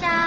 沙。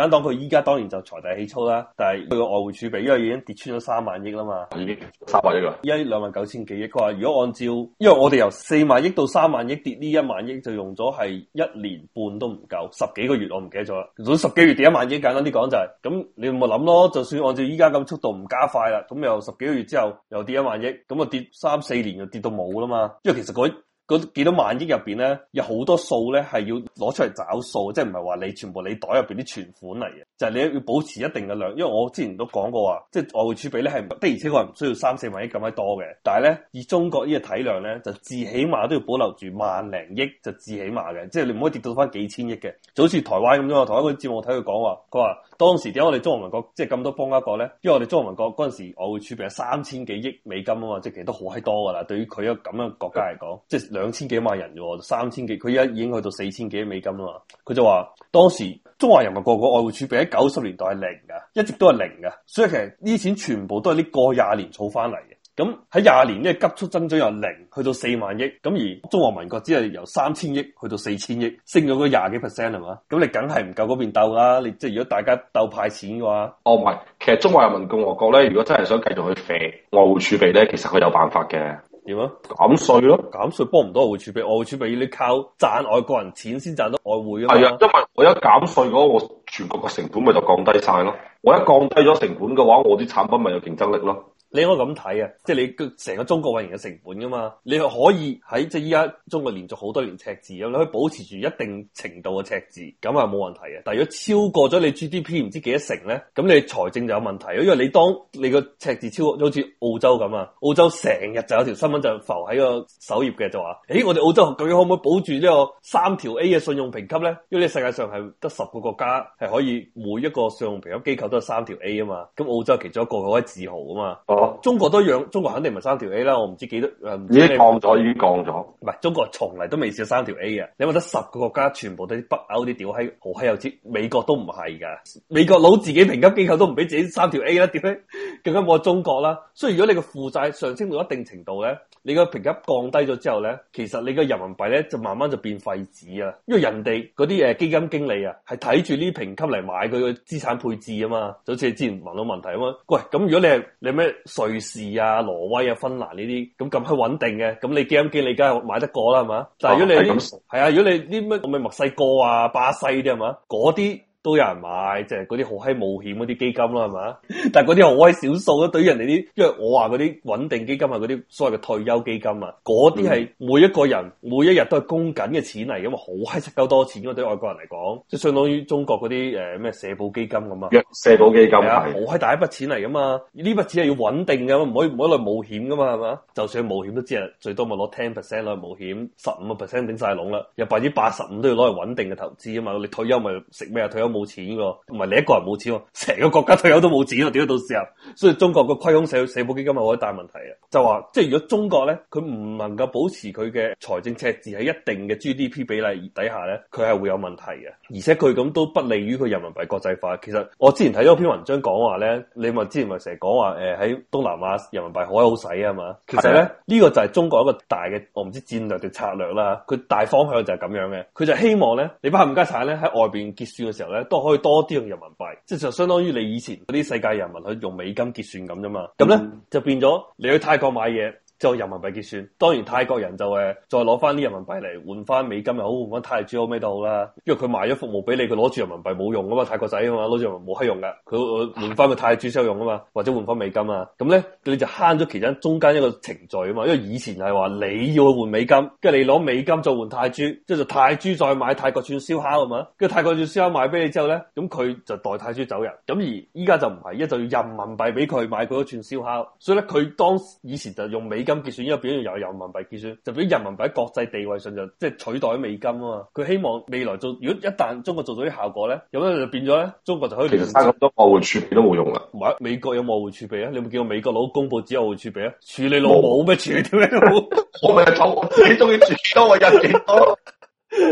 單當佢依家當然就財大氣粗啦，但係佢個外匯儲備因為已經跌穿咗三萬億啦嘛，已經三百億啦，依家兩萬九千幾億。佢話如果按照，因為我哋由四萬億到三萬億跌呢一萬億就用咗係一年半都唔夠，十幾個月我唔記得咗啦。如果十幾月跌一萬億，簡單啲講就係、是、咁，你咪諗咯。就算按照依家咁速度唔加快啦，咁又十幾個月之後又跌一萬億，咁啊跌三四年就跌到冇啦嘛。因為其實佢。嗰幾多萬億入邊咧，有好多數咧係要攞出嚟找數，即係唔係話你全部你袋入邊啲存款嚟嘅，就係、是、你要保持一定嘅量。因為我之前都講過話，即係外匯儲備咧係的而且確係唔需要三四萬億咁閪多嘅。但係咧，以中國呢個體量咧，就至起碼都要保留住萬零億就至起碼嘅，即係你唔可以跌到返幾千億嘅。就好似台灣咁樣啊，台灣嗰節目我睇佢講話，佢話當時點解我哋中華民國即係咁多邦交國咧？因為我哋中華民國嗰陣時外匯儲備係三千幾億美金啊嘛，即係其實都好閪多噶啦。對於佢一個咁樣國家嚟講，即係兩千幾萬人啫，三千幾，佢而家已經去到四千幾億美金啦嘛。佢就話當時中華人民共和國外匯儲備喺九十年代係零噶，一直都係零噶。所以其實呢啲錢全部都係呢過廿年儲翻嚟嘅。咁喺廿年咧急速增長由零去到四萬億，咁而中華民國只係由三千億去到四千億，升咗嗰廿幾 percent 係嘛？咁你梗係唔夠嗰邊鬥啦。你即係如果大家鬥派錢嘅話，哦唔係，其實中華人民共和國咧，如果真係想繼續去肥外匯儲備咧，其實佢有辦法嘅。點啊？減稅咯，減稅幫唔到外匯儲備，外匯儲備要你靠賺外國人錢先賺到外匯啊！係啊，因為我一減稅嘅話，我全國個成本咪就降低晒咯，我一降低咗成本嘅話，我啲產品咪有競爭力咯。你應該咁睇啊，即係你成個中國運營嘅成本㗎嘛，你係可以喺即係依家中國連續好多年赤字啊，你可以保持住一定程度嘅赤字，咁啊冇問題嘅。但係如果超過咗你 GDP 唔知幾多成咧，咁你財政就有問題啊，因為你當你個赤字超過，好似澳洲咁啊，澳洲成日就有條新聞就浮喺個首頁嘅就話，誒我哋澳洲究竟可唔可以保住呢個三條 A 嘅信用評級咧？因為你世界上係得十個國家係可以每一個信用評級機構都係三條 A 啊嘛，咁澳洲其中一個可以自豪啊嘛。中國都養，中國肯定唔係三條 A 啦，我、呃、唔知幾多誒。已經降咗，已經降咗。唔係，中國從嚟都未試過三條 A 嘅。你話得十個國家全部都北歐啲屌閪好閪有錢，美國都唔係噶，美國佬自己評級機構都唔俾自己三條 A 啦，點解更加冇中國啦？所以如果你個負債上升到一定程度咧，你個評級降低咗之後咧，其實你個人民幣咧就慢慢就變廢紙啦，因為人哋嗰啲誒基金經理啊係睇住呢評級嚟買佢嘅資產配置啊嘛，就好似之前問到問題咁嘛。喂，咁如果你係你咩？瑞士啊、挪威啊、芬蘭呢啲咁咁係穩定嘅，咁你機唔機？你梗係買得過啦，係嘛？但係如果你係啊，啊，如果你呢乜咁咪墨西哥啊、巴西啲係嘛？嗰啲。都有人買，即係嗰啲好閪冒險嗰啲基金啦，係嘛？ 但係嗰啲好閪少數咯。對於人哋啲，因為我話嗰啲穩定基金啊，嗰啲所謂嘅退休基金啊，嗰啲係每一個人每一日都係供緊嘅錢嚟，因為好閪收夠多錢。對於外國人嚟講，即係相當於中國嗰啲誒咩社保基金咁啊。社保基金係啊，好閪的大一筆錢嚟噶嘛？呢筆錢係要穩定噶，唔可以唔可以攞去冒險噶嘛？係嘛？就算冒險都只係最多咪攞 ten percent 攞去冒險，十五個 percent 頂晒籠啦。有百分之八十五都要攞嚟穩定嘅投資啊嘛。你退休咪食咩啊？退休？冇錢喎，唔係你一個人冇錢喎，成個國家退休都冇錢喎，點啊到時候，所以中國嘅虧空社社保基金係好大問題啊！就話即係如果中國咧，佢唔能夠保持佢嘅財政赤字喺一定嘅 GDP 比例底下咧，佢係會有問題嘅，而且佢咁都不利於佢人民幣國際化。其實我之前睇咗篇文章講話咧，你咪之前咪成日講話誒喺、呃、東南亞人民幣好閪好使啊嘛，其實咧呢、呢個就係中國一個大嘅，我唔知戰略嘅策略啦，佢大方向就係咁樣嘅，佢就希望咧你把冚家產咧喺外邊結算嘅時候咧。都可以多啲用人民幣，即係就相當於你以前嗰啲世界人民去用美金結算咁啫嘛，咁咧就變咗你去泰國買嘢。就人民幣結算，當然泰國人就誒再攞翻啲人民幣嚟換翻美金又好，換翻泰銖好咩都好啦。因為佢賣咗服務俾你，佢攞住人民幣冇用噶嘛，泰國仔啊嘛，攞住人民幣冇黑用噶，佢換翻個泰銖先有用啊嘛，或者換翻美金啊。咁咧你就慳咗其中中間一個程序啊嘛。因為以前係話你要換美金，跟住你攞美金做換泰銖，即係就泰銖再買泰國串燒烤啊嘛。跟住泰國串燒烤,烤賣俾你之後咧，咁佢就代泰銖走人。咁而依家就唔係一就要人民幣俾佢買嗰串燒烤,烤，所以咧佢當時以前就用美。金結算又變咗用人民幣結算，就變人民幣喺國際地位上就即係取代美金啊嘛。佢希望未來做，如果一旦中國做到啲效果咧，有乜就變咗咧？中國就可以連。其實差咁多外匯儲備都冇用啦。唔係美國有外匯儲備啊？你有冇見過美國佬公布只沒有外匯儲備啊？處理老母咩處理？你老母！我咪係講自己中意存多個人幾多？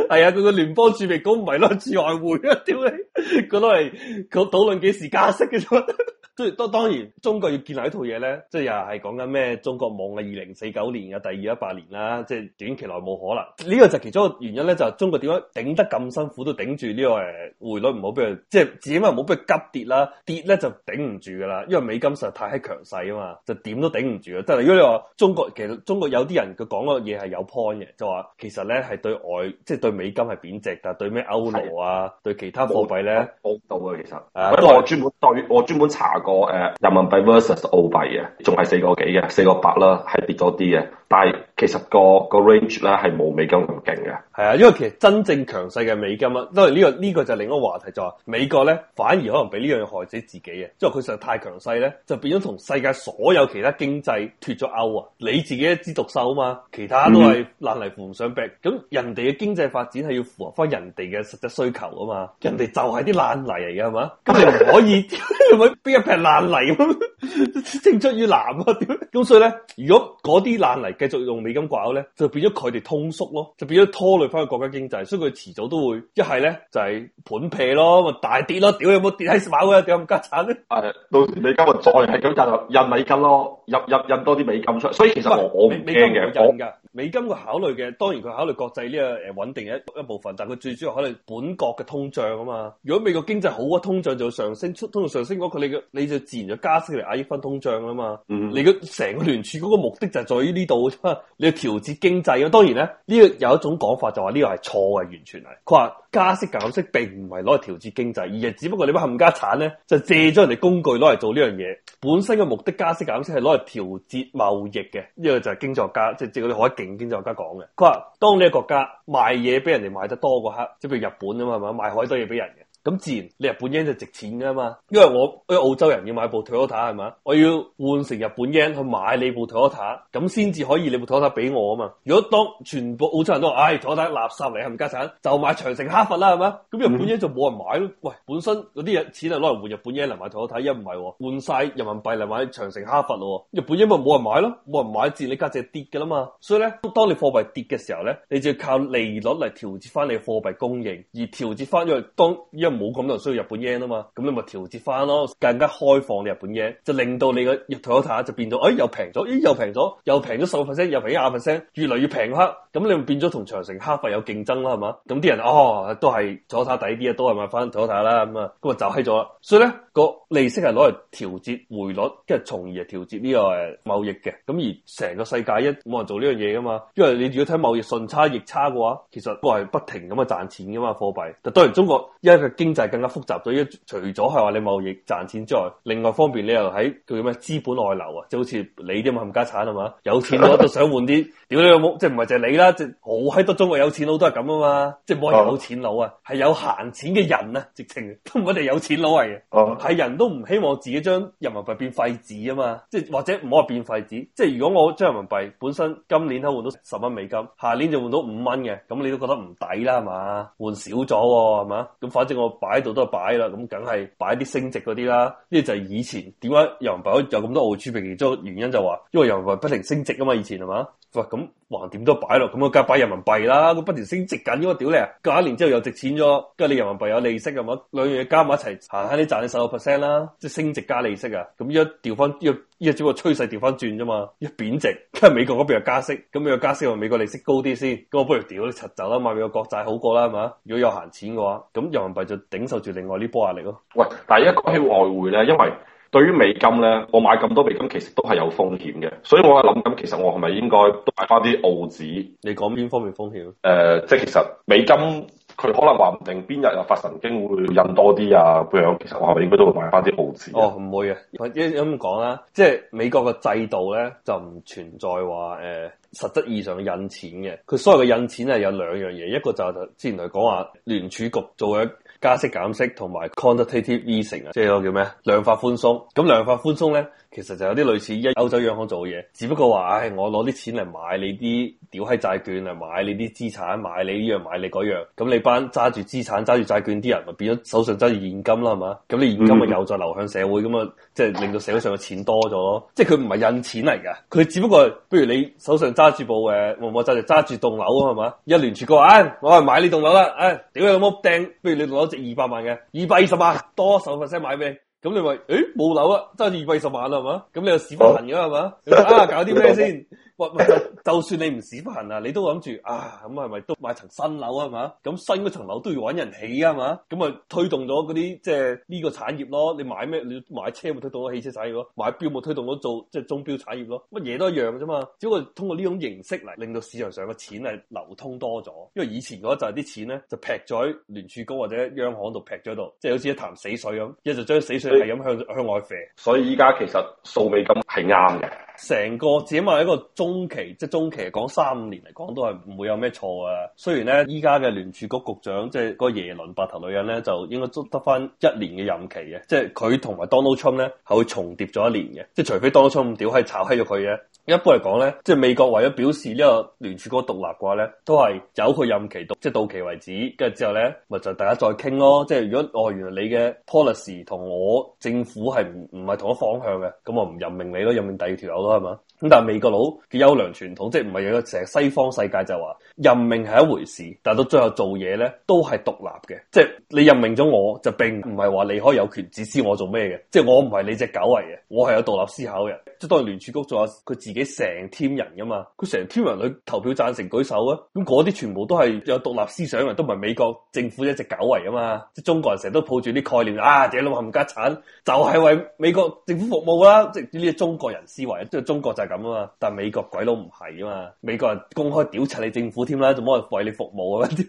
係啊，佢個聯邦儲備局唔係咯，儲外匯啊？屌你，佢都係佢討論幾時加息嘅啫。 即係當當然，中國要建立一套嘢咧，即係又係講緊咩？中國夢嘅二零四九年嘅第二一八年啦，即係短期內冇可能。呢個就其中一個原因咧，就係中國點解頂得咁辛苦都頂住呢個誒匯率唔好，俾佢，即係至起碼唔好俾佢急跌啦，跌咧就頂唔住㗎啦。因為美金實在太強勢啊嘛，就點都頂唔住啊。但係如果你話中國其實中國有啲人佢講嘅嘢係有 point 嘅，就話其實咧係對外即係對美金係貶值，但係對咩歐羅啊、的對其他貨幣咧，講到啊，其實、啊、是我專門對我專門查。個誒、哦、人民幣 versus 澳幣嘅，仲係四個幾嘅，四個八啦，係跌咗啲嘅。但係其實個個 range 啦，係冇美金咁勁嘅。係啊，因為其實真正強勢嘅美金啊，因為呢個呢、這個就另一個話題就話美國咧反而可能俾呢樣害死自己嘅，即係佢實在太強勢咧，就變咗同世界所有其他經濟脫咗鈎啊，你自己一枝獨秀啊嘛，其他都係爛泥扶唔上壁。咁、嗯、人哋嘅經濟發展係要符合翻人哋嘅實質需求啊嘛，人哋就係啲爛泥嚟嘅係嘛，咁你唔可以。 邊一批爛泥咁，青 出於藍啊！咁 所以咧，如果嗰啲爛泥繼續用美金掛鈎咧，就變咗佢哋通縮咯，就變咗拖累翻佢國家經濟，所以佢遲早都會一係咧就係盤撇咯，咪大跌咯，屌有冇跌喺手嘅？屌咁加產咧？係、啊， 到時你今日再係咁就係、印美金咯，入印印多啲美金出，所以其實我美金 我唔驚嘅，美金人我。美金佢考慮嘅，當然佢考慮國際呢個誒穩定一一部分，但係佢最主要考慮本國嘅通脹啊嘛。如果美國經濟好，個通脹就會上升，出通脹上升嗰個你嘅，你就自然就加息嚟壓抑翻通脹啊嘛。嗯，你嘅成個聯儲嗰個目的就係在於呢度，你要調節經濟。當然咧，呢、呢個，有一種講法就話呢個係錯嘅，完全係佢話。加息減息並唔係攞嚟調節經濟，而係只不過你把冚家產咧就借咗人哋工具攞嚟做呢樣嘢。本身嘅目的加息減息係攞嚟調節貿易嘅，呢、這個就係經濟學家，即係借嗰啲海景經濟學家講嘅。佢話當你嘅國家賣嘢俾人哋賣得多過黑，即係譬如日本啊嘛，賣海多嘢俾人嘅。咁自然，你日本 yen 就值錢噶嘛？因為我啲澳洲人要買部 Toyota 係嘛，我要換成日本 yen 去買你部 Toyota，咁先至可以你部 Toyota 俾我啊嘛。如果當全部澳洲人都話，唉，Toyota 垃圾嚟，冚家鏟，就買長城哈佛啦，係嘛？咁日本 yen 就冇人買咯。喂，本身嗰啲嘢錢啊，攞嚟換日本 yen 嚟買 Toyota 一唔係換晒人民幣嚟買長城哈佛咯。日本 yen 咪冇人買咯，冇人買，自然你價值跌噶啦嘛。所以咧，當你貨幣跌嘅時候咧，你就要靠利率嚟調節翻你貨幣供應，而調節翻因為當一。因冇咁多人需要日本嘢 e 啊嘛，咁你咪調節翻咯，更加開放嘅日本嘢，就令到你個日泰塔就變咗，哎又平咗，咦又平咗，又平咗十 percent，又平咗廿 percent，越嚟越平黑，咁你咪變咗同長城黑幣有競爭咯，係嘛？咁啲人哦都係左塔底啲啊，都係買翻左塔啦，咁啊咁啊就喺咗，所以咧個利息係攞嚟調節匯率，跟住從而係調節呢個誒貿易嘅，咁而成個世界一冇人做呢樣嘢㗎嘛，因為你如果睇貿易順差逆差嘅話，其實都係不停咁啊賺錢㗎嘛貨幣，但當然中國因經濟更加複雜咗，一除咗係話你貿易賺錢之外，另外方面你又喺叫做咩資本外流啊？即係好似你啲冚家產係嘛？ 吧有錢佬就想換啲屌你老母，即係唔係就係你啦？即係好閪多中國有錢佬都係咁啊嘛！即係唔係有錢佬啊？係 有閒錢嘅人啊，直情都唔係有錢佬嚟嘅，係 人都唔希望自己將人民幣變廢紙啊嘛！即係或者唔好話變廢紙，即係如果我將人民幣本身今年可換到十蚊美金，下年就換到五蚊嘅，咁你都覺得唔抵啦係嘛？換少咗係嘛？咁反正我，擺度都係擺啦，咁梗係擺啲升值嗰啲啦。呢就係以前點解人民幣有咁多外儲？其中原因就話，因為人民幣不停升值啊嘛，以前係嘛。咁橫掂都擺咯，咁啊加擺人民幣啦，佢不停升值緊，咁啊屌你啊，隔一年之後又值錢咗，跟住你人民幣有利息係嘛，兩樣嘢加埋一齊，行行啲賺你十個 percent 啦，即係升值加利息啊。咁而家調翻依家只個趨勢調翻轉啫嘛，一貶值，跟住美國嗰邊又加息，咁又加息話美國利息高啲先，咁我不如掉啲柒走啦，買邊個國債好過啦，係嘛？如果有閒錢嘅話，咁人民幣就頂受住另外呢波壓力咯。喂，但係一講起外匯咧，因為對於美金咧，我買咁多美金其實都係有風險嘅，所以我諗緊，其實我係咪應該都買翻啲澳紙？你講邊方面風險？誒、呃，即係其實美金。佢可能話唔定邊日又發神經會印多啲啊！咁其實我係咪應該都會買翻啲澳紙？哦，唔會啊！一咁講啦，即係美國嘅制度咧，就唔存在話誒、呃、實質以上印錢嘅。佢所謂嘅印錢係有兩樣嘢，一個就係之前佢講話聯儲局做嘅加息減息，同埋 quantitative easing 啊，即係個叫咩？量化寬鬆。咁量化寬鬆咧。其實就有啲類似一歐洲央行做嘅嘢，只不過話，唉、哎，我攞啲錢嚟買你啲屌閪債券，嚟買你啲資產，買你呢樣，買你嗰樣，咁你班揸住資產、揸住債券啲人，咪變咗手上揸住現金啦，係嘛？咁你現金咪又再流向社會，咁啊，即係令到社會上嘅錢多咗咯。即係佢唔係印錢嚟噶，佢只不過係不如你手上揸住部誒，我我揸住揸住棟樓，係嘛？一連串講話，我係買呢棟樓啦，唉、哎，屌你老母釘，不如你攞只二百萬嘅，二百二十萬，多少 percent 買俾你？咁你話，誒、欸，冇樓啊，淨係二十萬啦，係嘛？咁你又屎忽痕嘅係嘛？ 啊，搞啲咩先？ 就算你唔市盤啊，你都諗住啊，咁係咪都買層新樓啊？係嘛，咁新嗰層樓都要揾人起啊？係嘛，咁咪推動咗嗰啲即係呢個產業咯。你買咩？你買車咪推動咗汽車產業咯，買標咪推動咗做即係中標產業咯。乜嘢都一樣嘅啫嘛，只不過通過呢種形式嚟令到市場上嘅錢係流通多咗。因為以前嗰陣啲錢咧就劈咗喺聯儲局或者央行度劈咗度，即係好似一潭死水咁，一直將死水係咁向向外射。所以依家其實掃美金係啱嘅，成 個只係一個中。中期即係中期講，三五年嚟講都係唔會有咩錯啊！雖然咧依家嘅聯儲局局長即係個耶倫白頭女人咧，就應該捉得翻一年嘅任期嘅，即係佢同埋 Donald Trump 咧係會重疊咗一年嘅，即係除非 Donald Trump 咁屌係炒閪咗佢嘅。一般嚟講咧，即係美國為咗表示呢個聯儲局獨立嘅話咧，都係由佢任期到，即係到期為止。跟住之後咧，咪就大家再傾咯。即係如果哦，原來你嘅 policy 同我政府係唔唔係同一方向嘅，咁我唔任命你咯，任命第二條友咯，係嘛？咁但係美國佬嘅優良傳統，即係唔係有個成日西方世界就話任命係一回事，但係到最後做嘢咧都係獨立嘅。即係你任命咗我，就並唔係話你可以有權指示我做咩嘅。即係我唔係你隻狗嚟嘅，我係有獨立思考嘅。即係當然聯儲局做下佢自己。成添人噶嘛，佢成添人去投票贊成舉手啊，咁嗰啲全部都係有獨立思想嘅，都唔係美國政府一隻狗嚟啊嘛，即係中國人成日都抱住啲概念，啊，啲冚家產就係、是、為美國政府服務啦，即係呢啲中國人思維，即係中國就係咁啊嘛，但係美國鬼佬唔係啊嘛，美國人公開屌柒你政府添啦，做乜為你服務啊？